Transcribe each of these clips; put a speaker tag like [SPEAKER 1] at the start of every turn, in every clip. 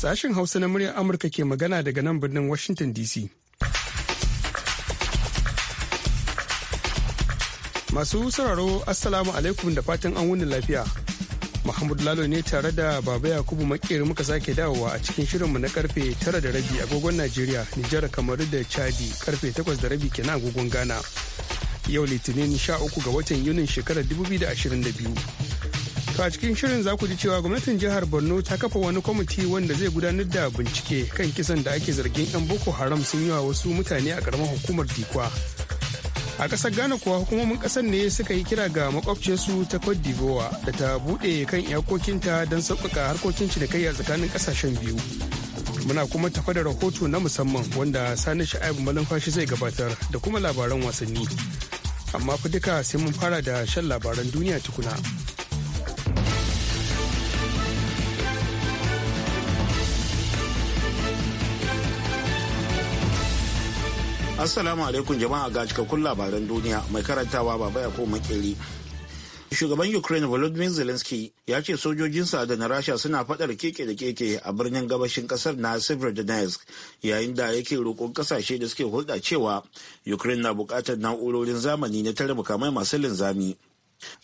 [SPEAKER 1] Sashen Hausa na muryar Amurka ke magana daga nan birnin Washington DC. Masu sauraro Assalamu alaikum da fatan an wuni lafiya. Muhammadu Lalo ne tare da Baba Yakubu Makeri muka sake dawowa a cikin shirinmu na karfe tara da rabi agogon Najeriya, Nijar kamar da Chadi karfe takwas da rabi kenan agogon Ghana. Yau Litinin sha uku ga watan Yunin shekarar 2022. To a cikin shirin za ku ji cewa gwamnatin jihar Borno ta kafa wani kwamiti wanda zai gudanar da bincike kan kisan da ake zargin 'yan Boko Haram sun yi wa wasu mutane a karamar hukumar Dikwa. A ƙasar Ghana kuwa hukumomin ƙasar ne suka yi kira ga makwabcinsu ta Cote d'Ivoire da ta buɗe kan iyakokinta don sauƙaƙa harkokin cinikayya tsakanin ƙasashen biyu. Muna kuma tafa da rahoto na musamman wanda Sani Sha'ibu Malumfashi zai gabatar da kuma labaran wasanni. Amma fa duka sai mun fara da shan labaran duniya tukuna.
[SPEAKER 2] Assalamu alaikum jama'a ga cikakkun labaran duniya mai karantawa baba ya ko makeri. Shugaban Ukraine Volodymyr Zelensky ya ce sojojinsa da na Rasha suna fadar keke da keke a birnin gabashin kasar na Severodonetsk yayin da yake roƙon kasashe da suke hulɗa cewa Ukraine na buƙatar na'urorin zamani na tare mukamai masu linzami.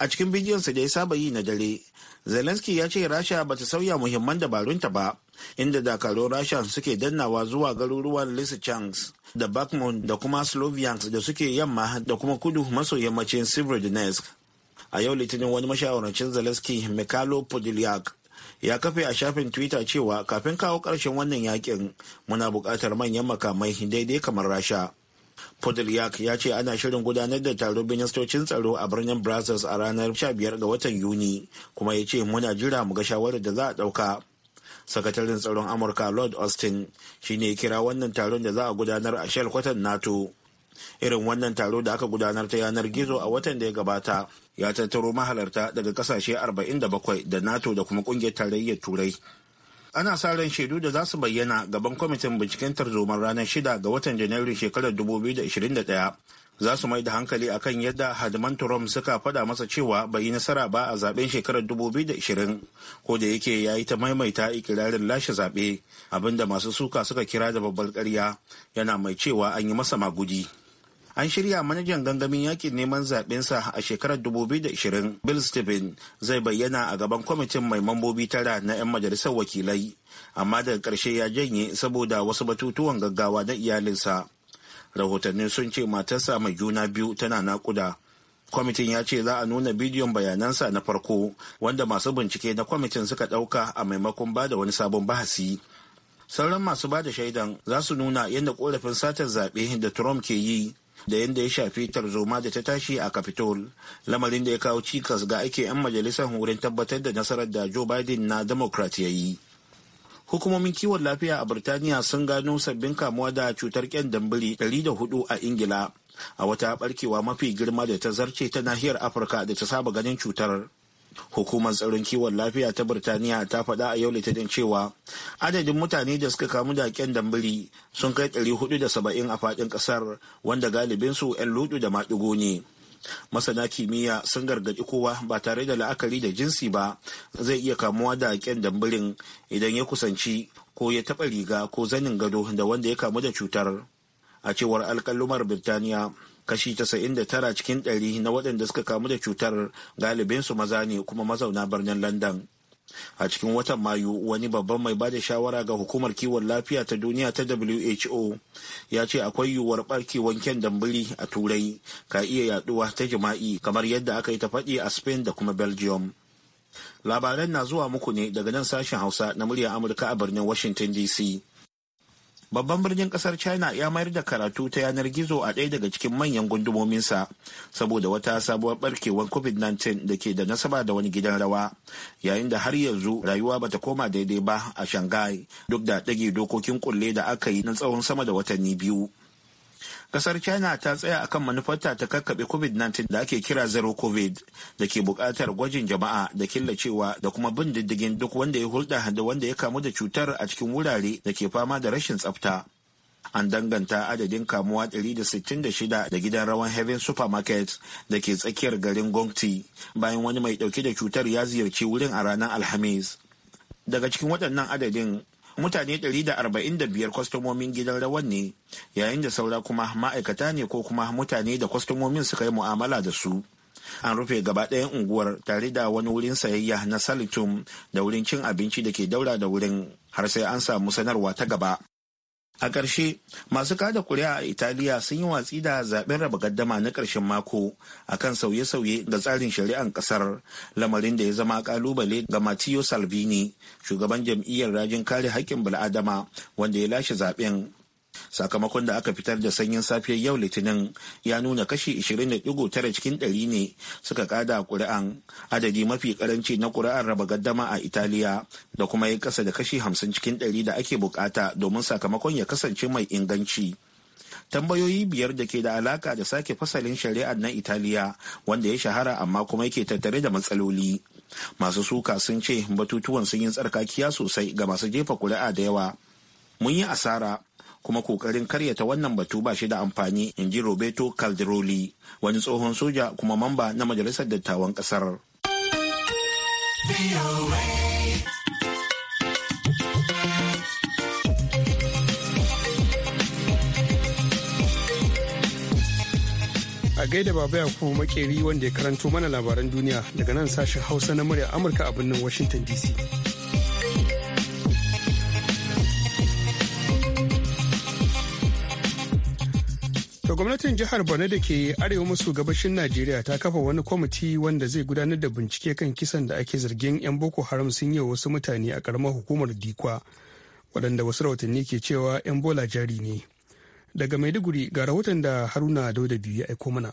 [SPEAKER 2] A cikin bidiyonsa da ya saba yi na dare, Zelensky ya ce Rasha bata sauya muhimman dabarunta ba, inda dakarun Rasha suke dannawa zuwa garuruwan Lysychansk da Bakhmut da kuma Sloviansk da suke yamma da kuma kudu maso yammacin Severodonetsk. A yau Litinin wani mashawarancin Zelensky Mikhailo Podolyak ya kafe a shafin Twitter cewa kafin kawo ƙarshen wannan yakin muna buƙatar manyan makamai daidai kamar Rasha. Podolyak ya ce ana shirin gudanar da taro ministocin tsaro a birnin Brussels a ranar 15 ga watan Yuni kuma ya ce muna jira mu ga shawarar da za a ɗauka. sakataren tsaron amurka lord austin shine kira wannan taron da za a gudanar a kwatan nato irin wannan taro da aka gudanar ta yanar gizo a watan da ya gabata ya tattaro mahalarta daga kasashe 47 da nato da kuma kungiyar tarayyar turai ana sa ran shaidu da za su bayyana gaban kwamitin binciken tarzoman ranar 6 ga watan Janairu shekarar 2021 za su mai da hankali akan yadda hadiman trump suka fada masa cewa bai yi nasara ba a zaben shekarar 2020 ko da yake ya yi ta maimaita ikirarin lashe zaɓe abinda masu suka suka kira da babbar karya yana mai cewa an yi masa magudi an shirya manajan gangamin yakin neman sa a shekarar 2020 bill stephen zai bayyana a gaban kwamitin mai mambobi tara na 'yan majalisar wakilai amma daga karshe ya janye saboda wasu batutuwan gaggawa na iyalinsa rahotanni sun ce matarsa mai juna biyu tana nakuda kwamitin ya ce za a nuna bidiyon bayanansa na farko wanda masu bincike na kwamitin suka ɗauka a maimakon ba da wani sabon bahasi sauran masu ba da shaidan za su nuna yadda korafin satar zaɓe da trump ke yi da yadda ya shafi tarzoma da ta tashi a capitol lamarin da ya kawo cikas ga ake 'yan majalisar wurin tabbatar da nasarar da joe biden na democrat ya yi hukumomin kiwon lafiya a birtaniya sun gano sabbin kamuwa da cutar kyandambili 104 a ingila a wata barkewa mafi girma da ta zarce ta nahiyar afirka da ta saba ganin cutar hukumar tsaron kiwon lafiya ta birtaniya ta faɗa a yau litinin cewa adadin mutane da suka kamu da kyandambili sun kai 470 a faɗin ƙasar wanda galibinsu 'yan ludu da maɗigo ne masana kimiyya sun gargaɗi kowa ba tare da la'akari da jinsi ba zai iya kamuwa da ƙyan dambulin idan ya kusanci ko ya taɓa riga ko zanin gado da wanda ya kamu da cutar a cewar alkalumar birtaniya kashi 99 cikin 100 na waɗanda suka kamu da cutar galibinsu maza ne kuma mazauna birnin london a cikin watan mayu wani babban mai bada shawara ga hukumar kiwon lafiya ta duniya ta who ya ce akwai yiwuwar barkewar kyan dambili a turai ka iya yaduwa ta jima'i kamar yadda aka yi ta faɗi a spain da kuma belgium labaran na zuwa muku ne daga nan sashen hausa na murya amurka a birnin washington dc babban birnin kasar china ya mayar da karatu ta yanar gizo a ɗaya daga cikin manyan gundumominsa saboda wata sabuwar barkewar covid-19 da ke da nasaba da wani gidan rawa yayin da har yanzu rayuwa bata koma daidai ba a shanghai duk da ɗage dokokin kulle da aka yi na tsawon sama da watanni biyu Kasar China ta tsaya akan manufarta ta kakkaɓe COVID-19 da ake kira zero COVID da ke buƙatar gwajin jama'a da killacewa da kuma bin diddigin duk wanda ya hulɗa da wanda ya kamu da cutar a cikin wurare da ke fama da rashin tsafta. An danganta adadin kamuwa 166 da gidan rawan Heaven Supermarket da ke tsakiyar garin Gongti bayan wani mai ɗauke da cutar ya ziyarci wurin a ranar Alhamis. Daga cikin waɗannan adadin mutane 145 kwastomomin gidan rawan ne yayin da saura kuma ma'aikata ne ko kuma mutane da kwastomomin suka yi mu'amala da su an rufe gaba ɗayan unguwar tare da wani wurin sayayya na salitum da wurin cin abinci da ke daura da wurin har sai an samu sanarwa ta gaba A ƙarshe, masu kada kuri'a a Italiya sun yi watsi da zaɓen raba gaddama na ƙarshen mako a kan sauye-sauye ga tsarin shari'an ƙasar, lamarin da ya zama ƙalubale ga Matteo Salvini, shugaban jam'iyyar rajin kare haƙƙin bil'adama wanda ya lashe zaɓen. Sakamakon da aka fitar da sanyin safiyar yau Litinin ya nuna kashi 20.9 cikin ɗari ne suka kada ƙuri'an adadi mafi karanci na ƙuri'ar raba gaddama a Italiya da kuma ya kasa da kashi 50 cikin ɗari da ake bukata domin sakamakon ya kasance mai inganci. tambayoyi biyar da ke da alaka da sake fasalin shari'ar na italiya wanda ya shahara amma kuma yake tattare da matsaloli masu suka sun ce batutuwan sun yi tsarkakiya sosai ga masu jefa kuri'a da yawa mun yi asara kuma kokarin karyata wannan batu ba shi da amfani in ji roberto calderoli wani tsohon soja kuma mamba na majalisar dattawan kasar
[SPEAKER 1] a gaida baba ya kuma makeri wanda ya karanto mana labaran duniya daga nan sashen hausa na murya amurka a birnin washington dc To gwamnatin jihar Borno da ke arewa maso gabashin Najeriya ta kafa wani kwamiti wanda zai gudanar da bincike kan kisan da ake zargin 'yan Boko Haram sun yi wasu mutane a karamar hukumar Dikwa, waɗanda wasu rahotanni ke cewa 'yan Bola jari ne. Daga Maiduguri ga rahoton da Haruna Dauda biyu ya aiko mana.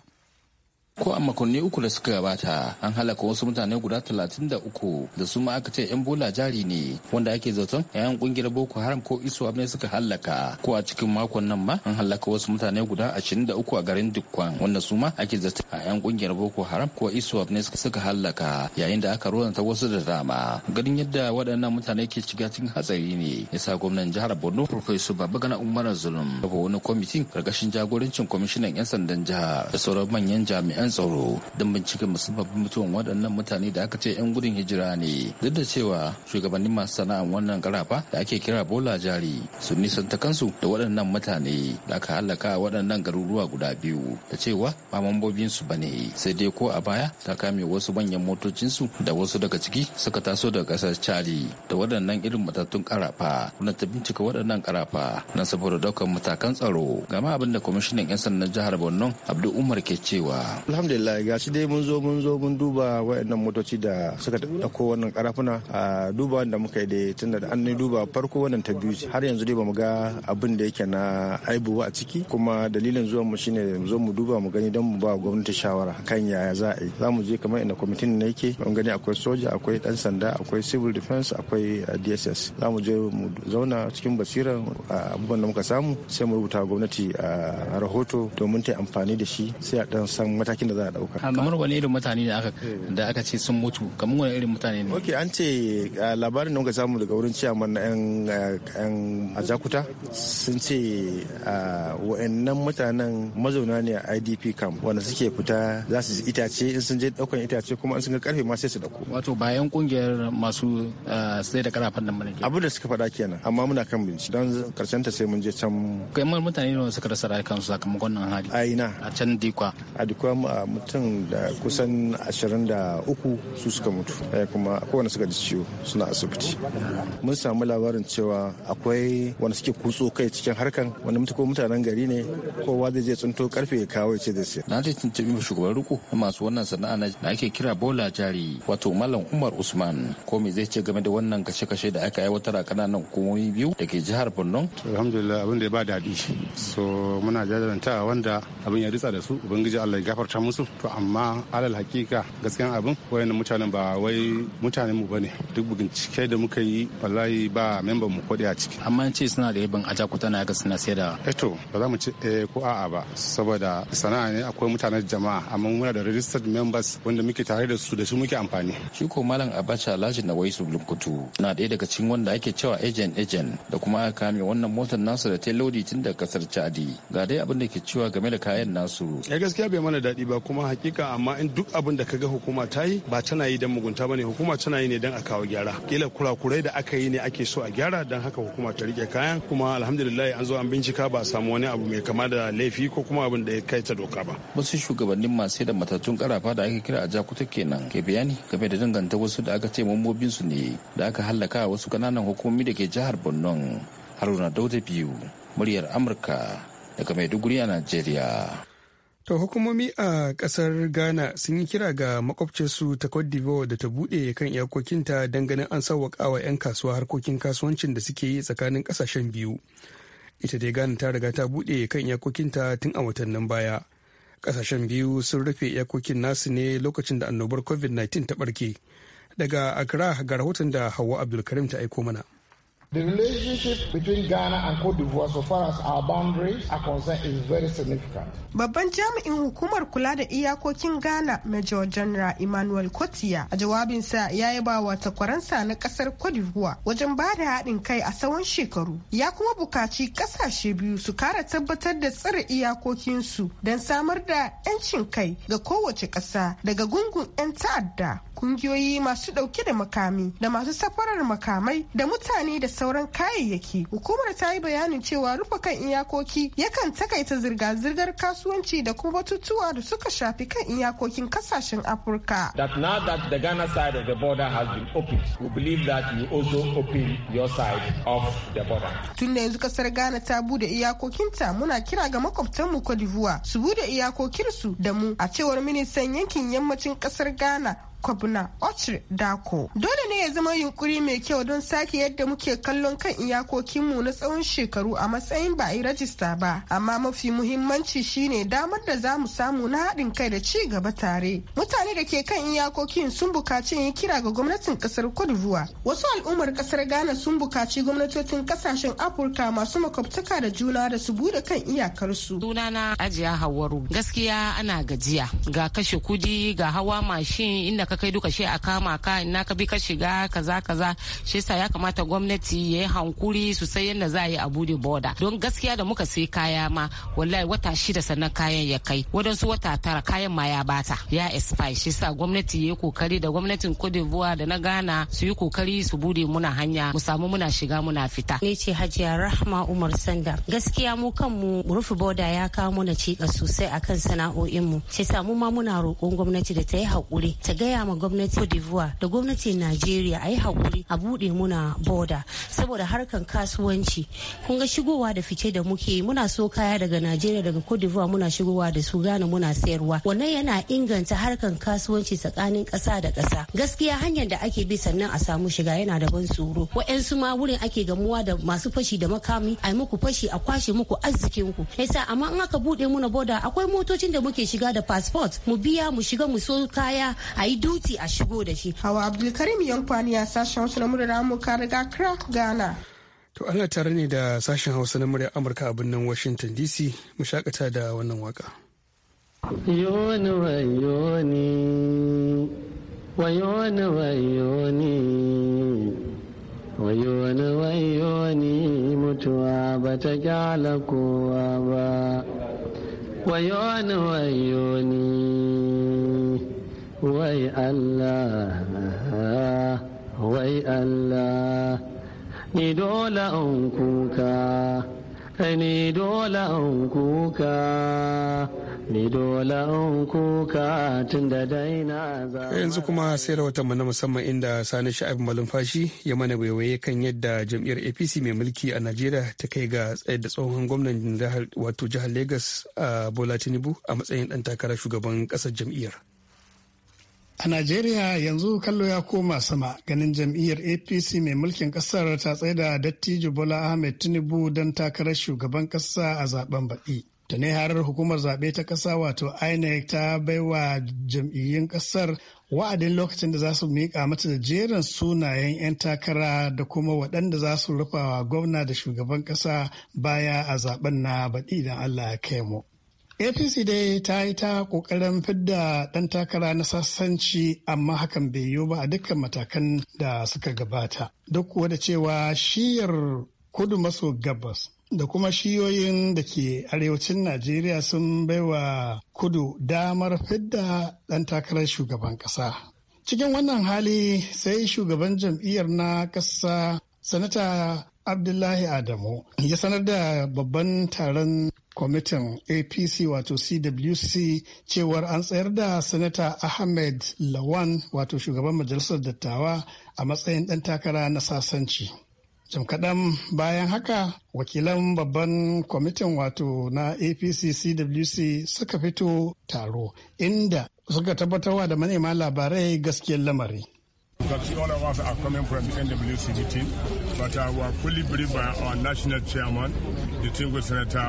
[SPEAKER 1] Ko a makonni uku da
[SPEAKER 3] suka gabata an halaka wasu mutane guda talatin da uku da su ma aka ce 'yan bola jari ne wanda ake zaton 'ya'yan kungiyar Boko Haram ko isuwa ne suka halaka. Ko a cikin makon nan ma an halaka wasu mutane guda ashirin da uku a garin dukkan wanda su ma ake zaton a 'yan kungiyar Boko Haram ko isuwa ne suka halaka yayin da aka ruwan ta wasu da dama. Ganin yadda waɗannan mutane ke shiga cikin hatsari ne Ya sa gwamnan jihar Borno Professor Babagana Umar Zulum kafa wani kwamitin karkashin jagorancin kwamishinan 'yan sandan jihar da sauran manyan jami'an 'yan tsaro don binciken musamman mutuwan waɗannan mutane da aka ce 'yan gudun hijira ne duk da cewa shugabannin masu sana'an wannan karafa da ake kira bola jari sun nisanta kansu da waɗannan mutane da aka halaka a waɗannan garuruwa guda biyu da cewa ba mambobinsu ba ne sai dai ko a baya ta kame wasu manyan motocinsu da wasu daga ciki suka taso daga ƙasar chadi da waɗannan irin matattun karafa kuna ta bincika waɗannan karafa na saboda ɗaukar matakan tsaro gama abinda da kwamishinan 'yan sandan jihar borno abdul umar ke cewa
[SPEAKER 4] alhamdulillah ga shi dai mun zo mun zo mun duba wayannan motoci da suka dauko wannan karafuna a duba wanda muka yi dai tunda da an duba farko wannan ta biyu har yanzu dai bamu ga abin da yake na aibu a ciki kuma dalilin zuwan mu shine mu zo mu duba mu gani don mu ba gwamnati shawara kan yaya za a yi za mu je kamar inda kwamitin ne yake mun gani akwai soja akwai dan sanda akwai civil defense akwai eh, dss za mu je mu zauna cikin basira abubuwan da muka samu sai mu rubuta gwamnati a rahoto domin ta amfani da shi sai a dan san mataki matakin da za a dauka kamar
[SPEAKER 3] wani irin mutane da aka da aka ce sun mutu kamar wani irin mutane ne okay an ce labarin da muka samu
[SPEAKER 4] daga wurin ciyaman na yan yan ajakuta sun ce wa'annan mutanen mazauna ne a IDP camp wanda suke fita za su itace in sun je daukan itace kuma in sun ga karfe ma sai su dauko
[SPEAKER 3] wato bayan kungiyar masu sai da karafan
[SPEAKER 4] nan mulki abin da suka faɗa kenan amma muna kan bincike don karshen ta sai mun je can kai mutane ne suka rasa su sakamakon nan hali a ina a can dikwa a dikwa mutum da kusan 23 su suka mutu eh, kuma akwai wanda suka ji ciwo suna asibiti mun samu labarin cewa akwai wani suke kutso kai cikin harkan wani mutu mutanen gari
[SPEAKER 3] ne kowa zai je tsinto karfe ya kawo ce da na ji tuntubi shugaban na masu wannan sana'a na ake kira bola jari wato malam umar usman ko me zai ce game da wannan kashe-kashe da aka aiwatar a kananan hukumomi biyu da ke jihar borno
[SPEAKER 4] alhamdulillah abin da ya ba daɗi so muna jajiranta wanda abin ya ritsa da su ubangiji allah ya gafarta musu to amma alal hakika gaskiyan abin wayannan mutanen ba wai mutanen mu bane duk bincike da muka yi wallahi ba memban mu kodi a ciki amma ce suna da yabin ajakuta na ga suna sayar da eto eh ba za mu ce eh ko a'a ba saboda sana'a ne akwai mutanen jama'a amma muna da registered members
[SPEAKER 3] wanda muke tare da su da su muke amfani shi ko malam abacha laji na waisu lukutu na daya daga cikin wanda ake cewa agent agent da kuma aka kame wannan motar nasu da ta lodi tun da kasar chadi ga dai abin da ke cewa game da kayan nasu
[SPEAKER 1] eh gaskiya bai mana daɗi ba ba kuma hakika amma in duk abin da kaga hukuma ta yi ba tana yi don mugunta bane hukuma tana yi ne don a kawo gyara kila kurakurai da aka yi ne ake so a gyara don haka hukuma ta rike kayan kuma alhamdulillah an zo an bincika ba a samu wani abu mai kama da laifi ko kuma abin da ya kai ta doka ba
[SPEAKER 3] wasu shugabannin masu da matattun karafa da ake kira a jakuta kenan ke bayani game da danganta wasu da aka ce mambobin su ne da aka hallaka wasu kananan hukumomi da ke jihar Borno haruna dauda biyu muryar amurka daga maiduguri a nigeria.
[SPEAKER 1] To hukumomi a kasar Ghana sun yi kira ga makwabcinsu ta Cote d'Ivoire da ta buɗe kan iyakokinta don ganin an sauwaƙawa 'yan kasuwa harkokin kasuwancin da suke yi tsakanin ƙasashen biyu. Ita dai Ghana ta riga ta buɗe kan iyakokinta tun a watannin baya. Ƙasashen biyu sun rufe iyakokin nasu ne lokacin da annobar COVID-19 ta ɓarke. Daga Accra ga rahoton da Hauwa Abdulkarim ta aiko mana.
[SPEAKER 5] The relationship between Ghana and Cote d'Ivoire so far as our boundaries are concerned is very significant.
[SPEAKER 6] Babban jami'in hukumar kula da iyakokin Ghana Major General Emmanuel Kotiya a jawabinsa ya yi ba wa takwaransa na kasar Cote d'Ivoire wajen ba da haɗin kai a tsawon shekaru. Ya kuma bukaci kasashe biyu su kara tabbatar da tsare iyakokinsu don samar da 'yancin kai ga kowace ƙasa daga gungun 'yan ta'adda, kungiyoyi masu ɗauke da makami da masu safarar makamai da mutane da sauran kayayyaki hukumar ta yi bayanin cewa rufe kan iyakoki yakan takaita zirga-zirgar kasuwanci da kuma batutuwa da suka shafi kan iyakokin kasashen afirka
[SPEAKER 2] that now that the ghana side of the border has been opened we believe that you also open your side of the border
[SPEAKER 6] tun da yanzu kasar ghana ta bude iyakokinta muna kira ga makwabtanmu cote d'ivoire su bude iyakokinsu da mu a cewar ministan yankin yammacin kasar ghana kwabna ochre dako dole ne ya zama yunkuri mai kyau don sake yadda muke kallon kan iyakokinmu na tsawon shekaru a matsayin ba a yi rajista ba amma mafi muhimmanci shine damar da za mu samu na haɗin kai da ci gaba tare mutane da ke kan iyakokin sun bukaci yin kira ga gwamnatin kasar cote wasu al'ummar kasar ghana sun bukaci gwamnatocin kasashen afirka masu makwabtaka da juna da su bude kan iyakarsu sunana ajiya hawaru gaskiya ana gajiya ga kashe kudi ga hawa mashin inda ka kai duka shi a kama ka ina ka bi ka shiga kaza kaza shi yasa ya kamata gwamnati ya yi hankuri sosai yadda za a yi a bude boda don gaskiya da muka sai kaya ma wallahi wata shida sannan kayan ya kai wadansu wata tara kayan ma ya bata ya expire shi yasa gwamnati ya yi kokari da gwamnatin Cote d'Ivoire da na Ghana su yi kokari su bude muna hanya mu samu muna shiga muna fita ne ce Hajiya Rahma Umar Sanda gaskiya mu kanmu rufe boda ya kawo mana cika sosai akan sana'o'in mu yasa mu ma muna roƙon gwamnati da ta yi hakuri ta gaya ma gwamnati Cote d'Ivoire da gwamnatin Najeriya a yi haƙuri a buɗe muna boda saboda harkar kasuwanci kun ga shigowa da fice da muke muna so kaya daga Najeriya daga Cote d'Ivoire muna shigowa da su gane muna sayarwa wannan yana inganta harkan kasuwanci tsakanin ƙasa da ƙasa gaskiya hanyar da ake bi sannan a samu shiga yana da ban tsoro wa'yansu ma wurin ake gamuwa da masu fashi da makami a yi muku fashi a kwashe muku arzikin ku yasa amma in aka buɗe muna boda akwai motocin da muke shiga da passport mu biya mu shiga mu so kaya a yi duti a shigo da shi. Hawa Abdulkarim Yankwani ya sashen wasu na murar Amurka daga Accra, Ghana.
[SPEAKER 1] To ana tare ne da sashen Hausa na muryar Amurka a birnin Washington DC mu shakata da wannan waka.
[SPEAKER 7] Yoni wayoni, wayoni wayoni, wayoni wayoni mutuwa ba ta kyala kowa ba. Wayoni wayoni. wai Allah wai Allah ni dole an kuka ni dole an kuka ni dole an kuka tun da daina
[SPEAKER 8] za yanzu
[SPEAKER 1] kuma sai rahoton na musamman inda sani sha'ib malumfashi ya mana waiwaye kan yadda jam'iyyar apc mai mulki a najeriya ta kai ga tsayar da tsohon gwamnan wato jihar lagos a bola tinubu a matsayin dan takarar shugaban kasar jam'iyyar
[SPEAKER 5] A Najeriya yanzu kallo ya koma sama ganin jam'iyyar APC mai mulkin kasar ta tsaida dattijo Bola Ahmed Tinubu don takarar shugaban kasa a zaben baɗi. Da ne harar hukumar zaɓe ta ƙasa wato INEC ta baiwa jam'iyyun ƙasar wa'adin lokacin da za su miƙa mata da jerin sunayen 'yan takara da kuma waɗanda za su rufawa gwamna da shugaban ƙasa baya a zaben na baɗi idan Allah ya kai mu. apc dai ta yi ta kokarin fidda ɗan takara na sassanci amma hakan bai yiwu ba a dukkan matakan da suka gabata duk kuwa da cewa shiyar kudu maso gabas da kuma shiyoyin da ke arewacin najeriya sun baiwa kudu damar fidda ɗan takarar shugaban ƙasa cikin wannan hali sai shugaban jam'iyyar na ƙasa sanata abdullahi adamu ya sanar da babban taron kwamitin apc wato cwc cewar an tsayar da sanata ahmed lawan wato shugaban majalisar dattawa a matsayin ɗan takara na sasanci jim kaɗan bayan haka wakilan babban kwamitin wato na apc cwc suka fito taro inda suka tabbatarwa da manema labarai gaskiyar lamari
[SPEAKER 4] That all of us are coming from the NWCB team, but uh, we are fully briefed by our national chairman, the Tingo Senator,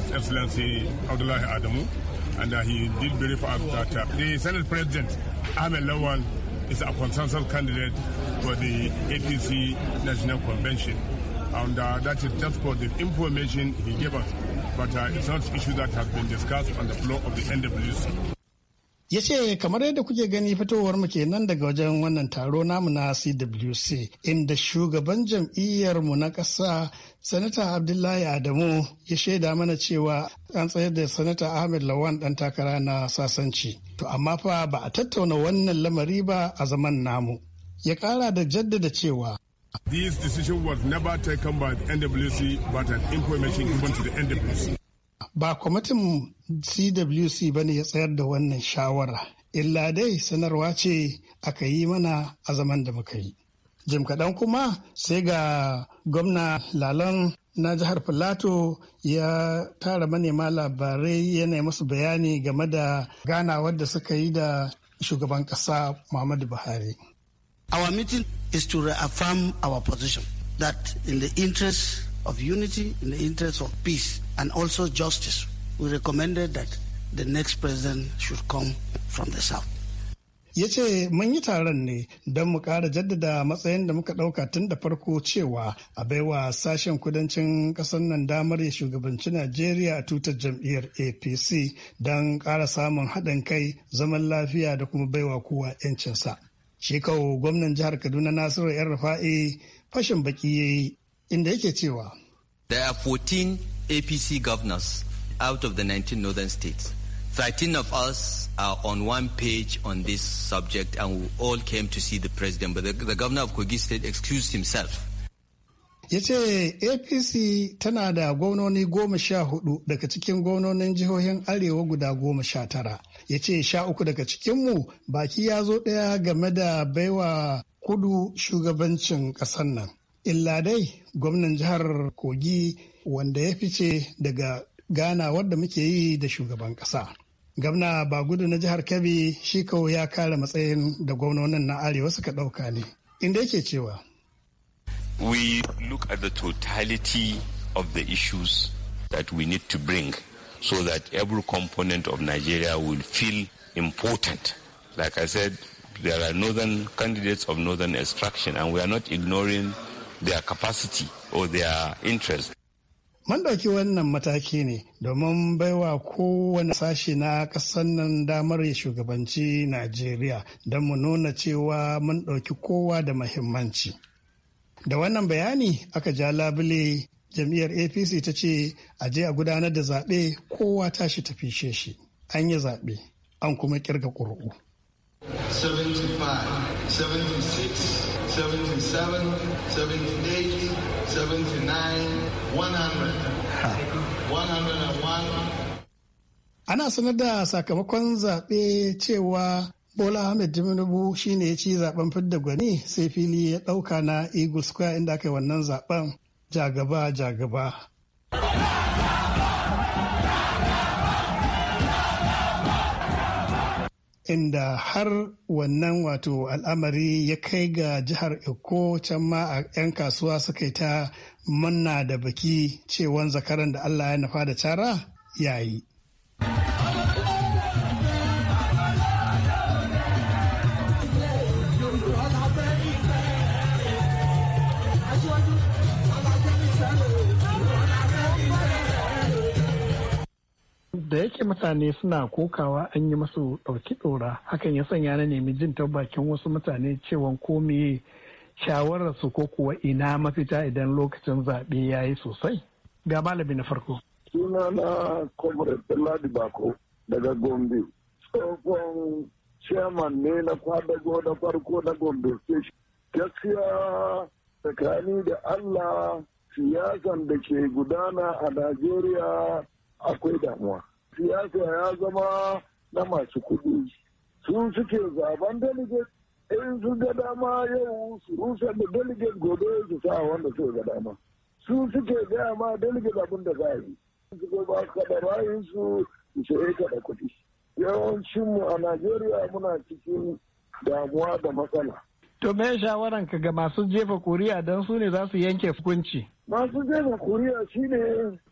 [SPEAKER 4] His Excellency Abdullahi Adamu, and uh, he did brief us that uh, the Senate President, Ahmed Lawan, is a consensus candidate for the APC National Convention. And uh, that is just for the information he gave us. But uh, it's not an issue that has been discussed on the floor of the NWC.
[SPEAKER 5] ya ce kamar yadda kuke gani fitowar mu kenan daga wajen wannan taro namu na cwc inda shugaban jam'iyyar mu na ƙasa sanata abdullahi adamu ya shaida mana cewa an tsayar da sanata ahmed lawan ɗan takara na sasanci to amma fa ba a tattauna wannan lamari ba a zaman namu ya kara da jaddada cewa
[SPEAKER 4] This decision was never taken by the NWC but an information given to the NWC.
[SPEAKER 5] Ba kwamitin CWC ba ne ya tsayar da wannan shawara, illa dai sanarwa ce aka yi mana a zaman da muka yi. Jim kaɗan kuma sai ga gwamna Lalon na jihar Filato ya tara manema labarai yana masu bayani game da ganawar da suka yi da shugaban ƙasa Muhammadu Buhari. Our meeting is to reaffirm our position that in the interest of unity in the interest of peace and also justice. We recommended that the next president should come from the south. ya ce mun yi taron ne don mu kara jaddada matsayin da muka ɗauka tun da farko cewa a baiwa sashen kudancin ƙasar nan damar ya shugabanci najeriya a tutar jam'iyyar apc don kara samun haɗin kai zaman lafiya da kuma baiwa kowa 'yancinsa shi kawo gwamnan jihar kaduna nasiru yan rafa'i fashin baki ya yi inda yake cewa
[SPEAKER 3] There are 14 APC governors out of the 19 northern states. 13 of us are on one page on this subject and we all came to see the president, but the, the governor of Kogi state excused himself.
[SPEAKER 5] ya ce apc tana da gwamnoni goma sha hudu daga cikin gwamnonin jihohin arewa guda goma sha tara ya ce sha uku daga cikinmu baki ya zo ɗaya game da baiwa kudu shugabancin ƙasar nan illa dai gwamnan jihar kogi wanda ya fice daga gana wadda muke yi da shugaban kasa gwamna bagudu na jihar kebbi shi kawo ya kare matsayin da gwamnonin na arewa suka ɗauka ne inda yake cewa
[SPEAKER 3] we look at the totality of the issues that we need to bring so that every component of nigeria will feel important like i said there are northern candidates of northern extraction and we are not ignoring their capacity or their interest.
[SPEAKER 5] Man ɗauki wannan mataki ne domin baiwa kowane sashe na ƙasar nan damar ya shugabanci Najeriya don mu nuna cewa mun ɗauki kowa da mahimmanci. Da wannan bayani aka ja labule jam'iyyar APC ta ce a je a gudanar da zaɓe kowa tashi tafi shi an yi zaɓe an kuma ƙirga ƙuri'u.
[SPEAKER 9] 75, 76,
[SPEAKER 5] Ana sanar da sakamakon zaɓe cewa Bola Ahmed shi shine ya ci zaben fidda gwani sai fili ya ɗauka na Eagle Square inda aka yi wannan zaben jagaba jagaba. inda har wannan wato al'amari ya kai ga jihar Eko can ma a 'yan kasuwa suka yi ta manna da baki cewan zakaran da Allah ya nufa da cara yayi. da yake mutane suna kokawa an yi masu ɗauki ɗora hakan ya sanya na nemi jin ta bakin wasu mutane cewa ko meye shawararsu ko kuwa ina mafita idan lokacin zaɓe ya yi sosai ga malami na farko
[SPEAKER 8] suna na comrade bako daga gombe tsohon chairman ne na kwadago na farko na gombe station gaskiya tsakani da allah siyasan da ke gudana a najeriya akwai damuwa siyasa ya zama na masu kuɗi su suke zaben delegate in su ga dama yau su rusa da delegate gobe su sa wanda su ga dama su suke gaya ma delegate abin da za yi su ga ba ka da su su ka da kuɗi Yawancinmu a najeriya muna cikin damuwa da matsala
[SPEAKER 5] to me shawaran ka ga masu jefa kuri'a don su ne za su yanke hukunci
[SPEAKER 8] masu daina kuriya shine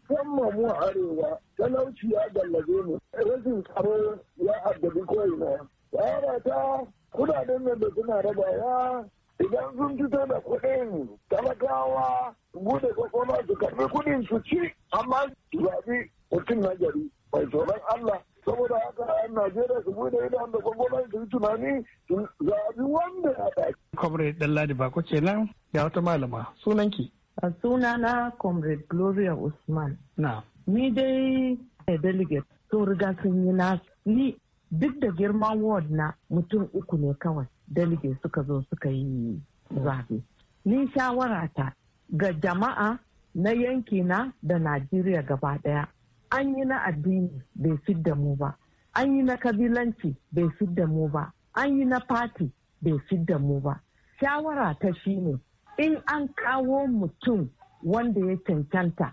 [SPEAKER 8] kan mu arewa talauci ya gallabe mu rashin tsaro ya addabi ko'ina yara ta kudaden da suna rabawa idan sun fito da kuɗin talakawa bude kwakwalwa su karbi kuɗin su ci amma su zaɓi mutum na gari mai tsoron Allah saboda haka yan Najeriya su bude idan da kwakwalwa su yi tunani su zaɓi wanda ya ɗaki.
[SPEAKER 5] Kwamre Ɗanladi Bako kenan ya wata malama
[SPEAKER 6] Sunan ki. a sunana na comrade gloria usman na ni dai eh, a delegate sun riga sun yi nasu ni duk da girman ward na mutum uku ne kawai delegate suka zo suka yi zabe ni shawara ta ga jama'a na yanki na da najeriya gaba daya an yi na addini bai fidda mu ba an yi na kabilanci bai fidda mu ba an yi na fati bai fidda mu ba shawara ta shine in an kawo mutum wanda ya cancanta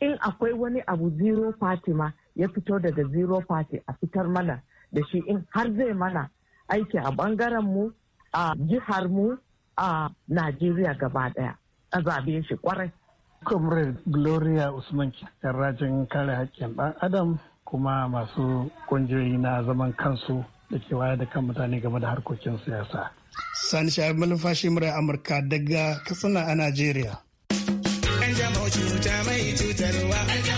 [SPEAKER 6] in akwai wani abu zero party ma ya fito daga zero party a fitar mana da shi in har zai mana aiki a bangaren mu a jihar mu a najeriya gaba daya a zabe
[SPEAKER 5] shi kwarai comrade gloria usman rajin
[SPEAKER 6] kare hakkin ɗan adam
[SPEAKER 5] kuma masu ƙungiyoyi na zaman kansu da ke waya da kan mutane game da harkokin siyasa Sani Shahab Malumfashi murai Amurka daga Katsina a Najeriya.
[SPEAKER 9] An cuta mai cutarwa.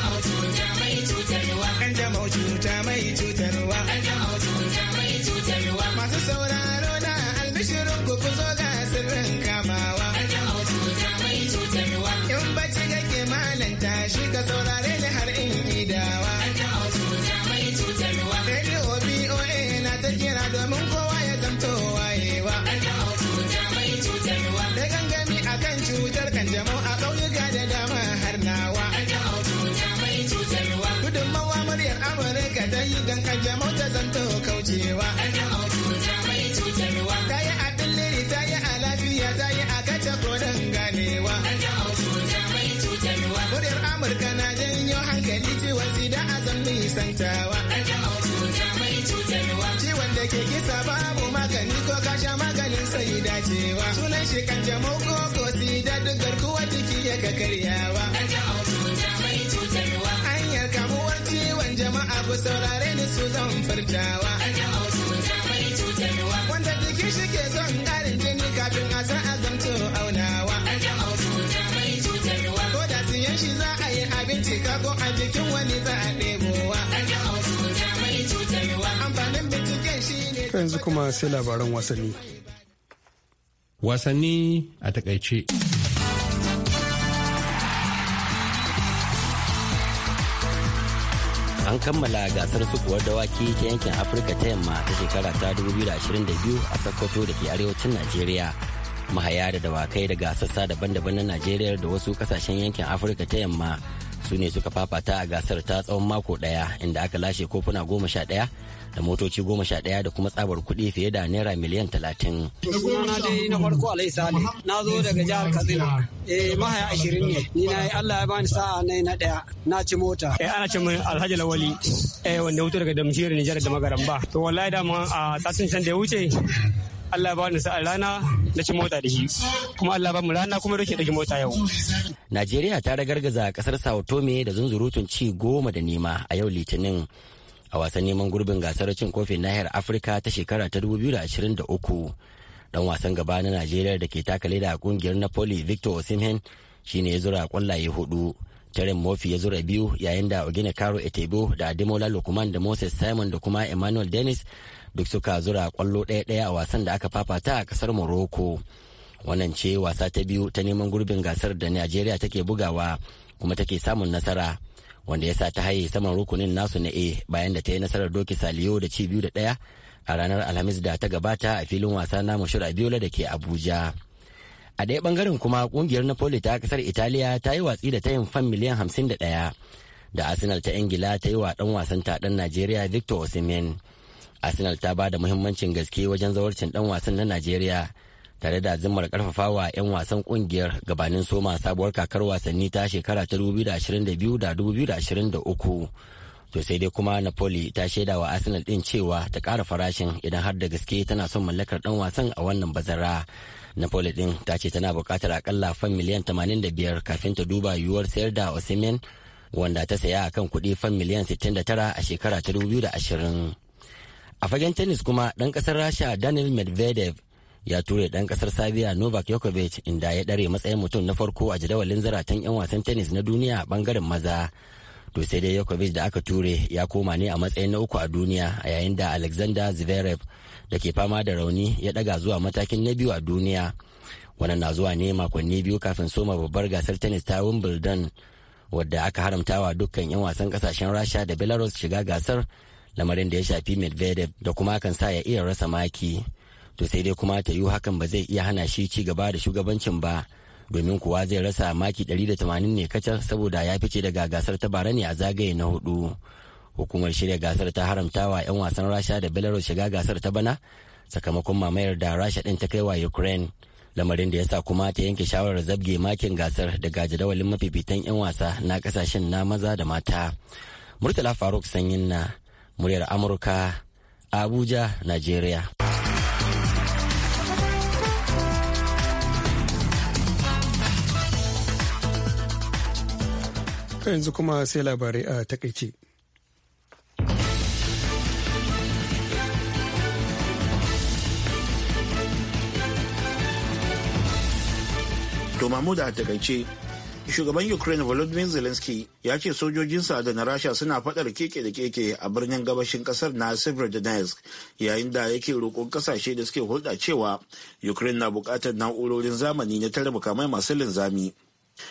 [SPEAKER 9] hutawa ciwon da ke kisa babu magani ko kasha maganin sai dacewa sunan shi kan ko ko sida duk garkuwa jiki ya ka karyawa hanyar kamuwar ciwon jama'a ku saurare ni su zan furtawa wanda jiki shi ke son ƙarin jini kafin a san a zamto aunawa ko da siyan shi za a yi abinci kako a jikin wani za a ɗebowa
[SPEAKER 1] haka yanzu kuma sai labaran wasanni. Wasanni a takaice.
[SPEAKER 7] An kammala gasar sukuwar dawaki ta yankin Afirka ta yamma ta shekara ta 2022 a Sokoto da ke arewacin Najeriya. Mahaya da dawakai daga sassa daban-daban na Najeriya da wasu kasashen yankin Afirka ta yamma su ne suka fafata a gasar ta tsawon mako daya inda aka lashe kofuna goma sha daya da motoci goma sha daya da kuma tsabar kuɗi fiye da naira miliyan talatin.
[SPEAKER 6] sunana dai na farko alai sale na zo daga jihar katsina eh mahaya ashirin ne ni na allah ya bani sa'a na na daya na ci mota.
[SPEAKER 7] eh ana ce min alhaji lawali
[SPEAKER 1] eh wanda wuce daga damshiri nijar da magaramba to wallahi dama a tasin can da ya wuce Allah ba ni rana na ci mota da shi kuma Allah ba mu rana kuma rike da mota yau.
[SPEAKER 7] Najeriya ta ragargaza kasar Sao Tome da zunzurutun ci goma da nema a yau Litinin a wasan neman gurbin gasar cin kofin nahiyar Afirka ta shekara ta 2023. Dan wasan gaba na Najeriya da ke takale a kungiyar Napoli Victor Osimhen shine ya zura kwallaye hudu. tarin Murphy ya zura biyu yayin da Ogene Karo Etebo da Ademola Lokuman da Moses Simon da kuma Emmanuel Dennis duk suka zura kwallo ɗaya ɗaya a wasan da aka fafata a kasar morocco wannan ce wasa ta biyu ta neman gurbin gasar da najeriya take bugawa kuma take samun nasara wanda ya sa ta haye saman rukunin nasu na a bayan da ta yi nasarar doki saliyo da ci biyu da ɗaya a ranar alhamis da ta gabata a filin wasa na mashura Biola da ke abuja a ɗaya bangaren kuma ƙungiyar napoli ta kasar italiya ta yi watsi da tayin fan miliyan hamsin da ɗaya da arsenal ta ingila ta yi wa ɗan wasan taɗan ɗan najeriya victor osimhen arsenal ta ba da muhimmancin gaske wajen zawarcin dan wasan na najeriya tare da zimmar karfafawa 'yan wasan kungiyar gabanin soma sabuwar kakar wasanni ta shekara ta 2022 da 2023 to sai dai kuma napoli ta shaida wa arsenal din cewa ta kara farashin idan har da gaske tana son mallakar dan wasan a wannan bazara napoli din ta ce tana bukatar akalla fan miliyan 85 kafin ta duba yiwuwar sayar da osimhen wanda ta saya akan kuɗi fan miliyan 69 a shekara ta 2020 a fagen tennis kuma ɗan ƙasar rasha daniel medvedev ya ture ɗan ƙasar Sabiya Novak Yokovic, inda ya ɗare matsayin mutum na farko a jadawalin zaratan 'yan wasan tennis na duniya bangaren maza. To sai dai Yokovic da aka ture ya koma ne a matsayin na uku a duniya a yayin da Alexander Zverev da ke fama da rauni ya ɗaga zuwa matakin na biyu a duniya. Wannan na zuwa ne makonni biyu kafin soma babbar gasar tennis ta Wimbledon wadda aka haramtawa dukkan 'yan wasan kasashen Rasha da Belarus shiga gasar lamarin da ya shafi medvedev da kuma kan sa ya iya rasa maki to sai dai kuma ta yi hakan ba zai iya hana shi ci gaba da shugabancin ba domin kuwa zai rasa maki 180 ne kacal saboda ya fice daga gasar ta bara ne a zagaye na hudu hukumar shirya gasar ta haramtawa wa 'yan wasan rasha da belarus shiga gasar ta bana sakamakon mamayar da rasha din ta kai wa ukraine lamarin da ya sa kuma ta yanke shawarar zabge makin gasar daga jadawalin mafifitan 'yan wasa na kasashen na maza da mata murtala faruk sanyin na muryar amurka abuja Najeriya.
[SPEAKER 1] yanzu kuma sai labarai a takaice
[SPEAKER 2] to da takaice shugaban ukraine volodymyr zelensky ya ce sojojinsa da na rasha suna fadar keke da keke a birnin gabashin kasar na severodonetsk yayin da yake roƙon kasashe da suke hulɗa cewa ukraine na buƙatar na'urorin zamani na tare mukamai masu linzami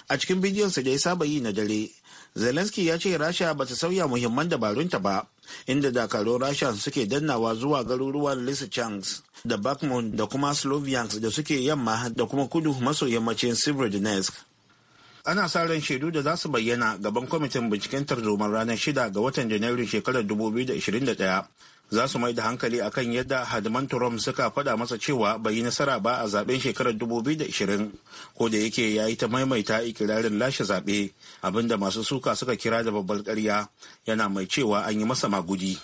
[SPEAKER 2] a cikin bidiyonsa da ya saba yi na dare zelensky ya ce rasha ba ta sauya muhimman dabarunta ba inda dakarun rasha suke dannawa zuwa garuruwan lysychansk da bakmon da kuma sloviansk da suke yamma da kuma kudu maso yammacin severodonetsk ana sa ran shaidu da za su bayyana gaban kwamitin binciken tarzoman ranar 6 ga watan janairun shekarar 2021 za su mai da hankali akan yadda hadiman trump suka faɗa masa cewa bai yi nasara ba a zaben shekarar 2020 ko da yake ya yi ta maimaita ikirarin lashe zaɓe abinda masu suka suka kira da babbar karya yana mai cewa an yi masa magudi.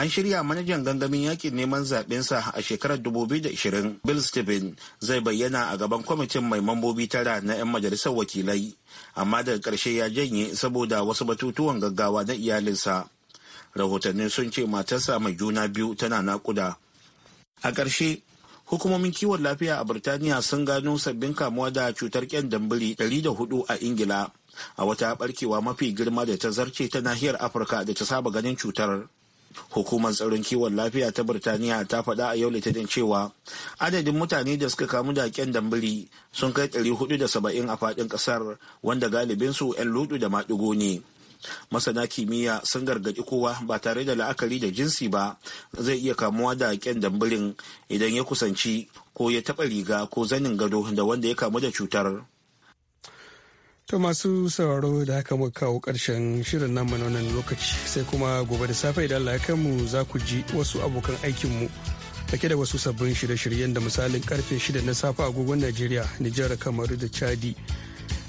[SPEAKER 2] an shirya manajan gangamin yakin neman zaɓensa a shekarar 2020 bill stephen zai bayyana a gaban kwamitin mai mambobi tara na 'yan majalisar wakilai amma daga ƙarshe ya janye saboda wasu batutuwan gaggawa na iyalinsa rahotanni sun ce matarsa mai juna biyu tana nakuda a ƙarshe hukumomin kiwon lafiya a birtaniya sun gano sabbin kamuwa da cutar kyandambili 104 a ingila a wata barkewa mafi girma da ta zarce ta nahiyar afirka da ta saba ganin cutar hukumar tsaron kiwon lafiya ta birtaniya ta faɗa a yau litinin cewa adadin mutane da suka kamu da ƙyan dambili sun kai 470 a faɗin ƙasar wanda galibinsu 'yan ludu da maɗigo ne masana kimiyya sun gargaɗi kowa ba tare da la'akari da jinsi ba zai iya kamuwa da ƙyan dambilin idan ya kusanci ko ya taɓa riga ko zanin gado da wanda ya kamu da cutar
[SPEAKER 1] To masu sauraro da haka muka kawo ƙarshen shirin namu na wannan lokaci sai kuma gobe da safe idan Allah ya mu za ku ji wasu abokan aikin mu dake da wasu sabbin shirye-shiryen da misalin karfe 6 na safe agogon Najeriya, Nijar, Kamaru da Chadi.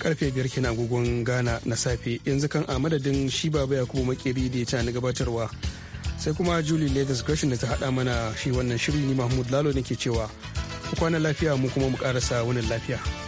[SPEAKER 1] Karfe 5 kina agogon Ghana na safe yanzu kan a madadin shi baba ya kuma makeri da ya ta na gabatarwa. Sai kuma Julie Lagos Gresham da ta haɗa mana shi wannan shiri ni Mahmud Lalo ke cewa. kwana lafiya mu kuma mu ƙarasa wannan lafiya.